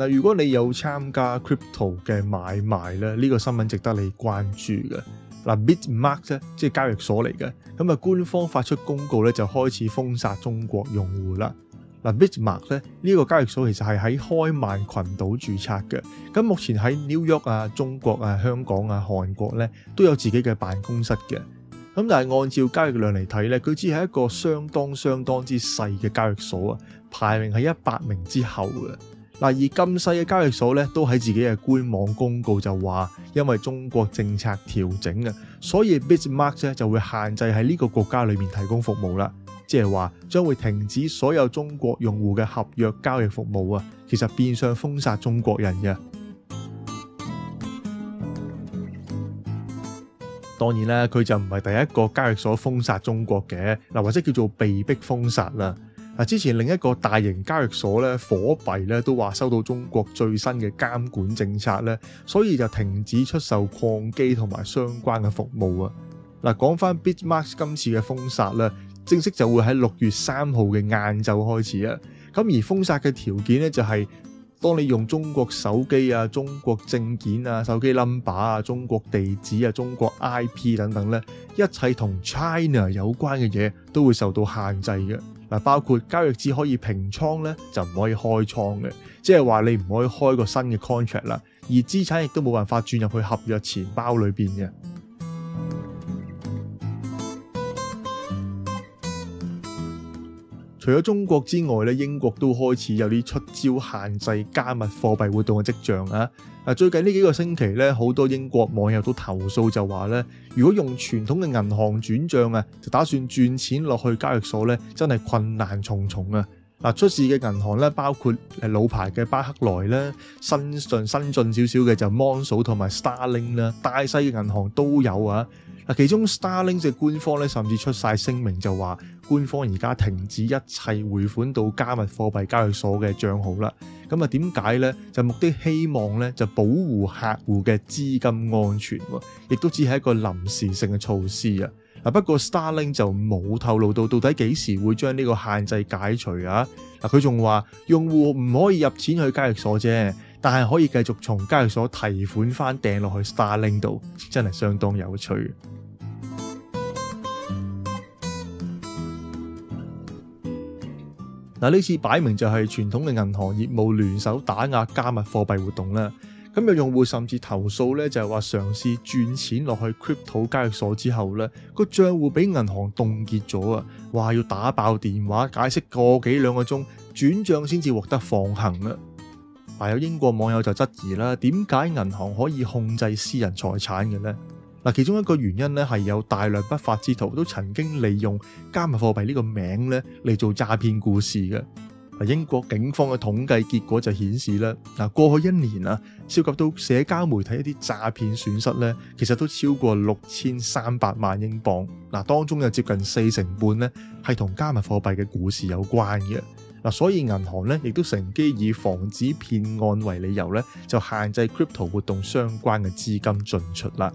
嗱，如果你有參加 crypto 嘅買賣咧，呢個新聞值得你關注嘅。嗱，Bitmark 即係交易所嚟嘅，咁啊官方發出公告咧，就開始封殺中國用戶啦。嗱，Bitmark 咧，呢個交易所其實係喺開曼群島註冊嘅，咁目前喺 New York 啊、中國啊、香港啊、韓國咧都有自己嘅辦公室嘅。咁但係按照交易量嚟睇咧，佢只係一個相當相當之細嘅交易所啊，排名係一百名之後嘅。嗱，而咁細嘅交易所咧，都喺自己嘅官網公告就話，因為中國政策調整啊，所以 BitMart 咧就會限制喺呢個國家裏面提供服務啦，即係話將會停止所有中國用戶嘅合約交易服務啊。其實變相封殺中國人嘅。當然啦，佢就唔係第一個交易所封殺中國嘅，嗱，或者叫做被逼封殺啦。嗱，之前另一個大型交易所咧，火幣咧都話收到中國最新嘅監管政策咧，所以就停止出售礦機同埋相關嘅服務啊。嗱，講翻 Bitmax 今次嘅封殺咧，正式就會喺六月三號嘅晏晝開始啊。咁而封殺嘅條件咧，就係當你用中國手機啊、中國證件啊、手機冧巴啊、中國地址啊、中國 IP 等等咧，一切同 China 有關嘅嘢都會受到限制嘅。包括交易只可以平倉咧，就唔可以開倉嘅，即係話你唔可以開個新嘅 contract 啦，而資產亦都冇辦法轉入去合約錢包裏面嘅。除咗中國之外咧，英國都開始有啲出招限制加密貨幣活動嘅跡象啊！啊，最近呢幾個星期咧，好多英國網友都投訴就話咧，如果用傳統嘅銀行轉帳啊，就打算轉錢落去交易所咧，真係困難重重啊！嗱，出事嘅銀行咧，包括誒老牌嘅巴克萊啦，新進新進少少嘅就 Monzo 同埋 Starling 啦，大細嘅銀行都有啊。嗱，其中 Starling 嘅官方咧，甚至出晒聲明就話，官方而家停止一切匯款到加密貨幣交易所嘅賬號啦。咁啊，點解呢？就目的希望呢，就保護客戶嘅資金安全喎。亦都只係一個臨時性嘅措施啊。嗱，不過 Starling 就冇透露到到底幾時會將呢個限制解除啊。嗱，佢仲話，用戶唔可以入錢去交易所啫。但係可以繼續從交易所提款翻訂落去 Starling 度，真係相當有趣。嗱，呢次擺明就係傳統嘅銀行業務聯手打壓加密貨幣活動啦。咁有用戶甚至投訴呢，就係話嘗試轉錢落去 Crypto 交易所之後呢個賬戶俾銀行凍結咗啊！話要打爆電話解釋個幾兩個鐘，轉帳先至獲得放行啦。嗱，有英國網友就質疑啦，點解銀行可以控制私人財產嘅呢？嗱，其中一個原因咧，係有大量不法之徒都曾經利用加密貨幣呢個名咧嚟做詐騙故事嘅。英國警方嘅統計結果就顯示啦，嗱，過去一年啊，涉及到社交媒體一啲詐騙損失呢，其實都超過六千三百萬英鎊。嗱，當中有接近四成半呢係同加密貨幣嘅故事有關嘅。所以銀行咧亦都乘機以防止騙案為理由咧，就限制 crypto 活動相關嘅資金進出啦。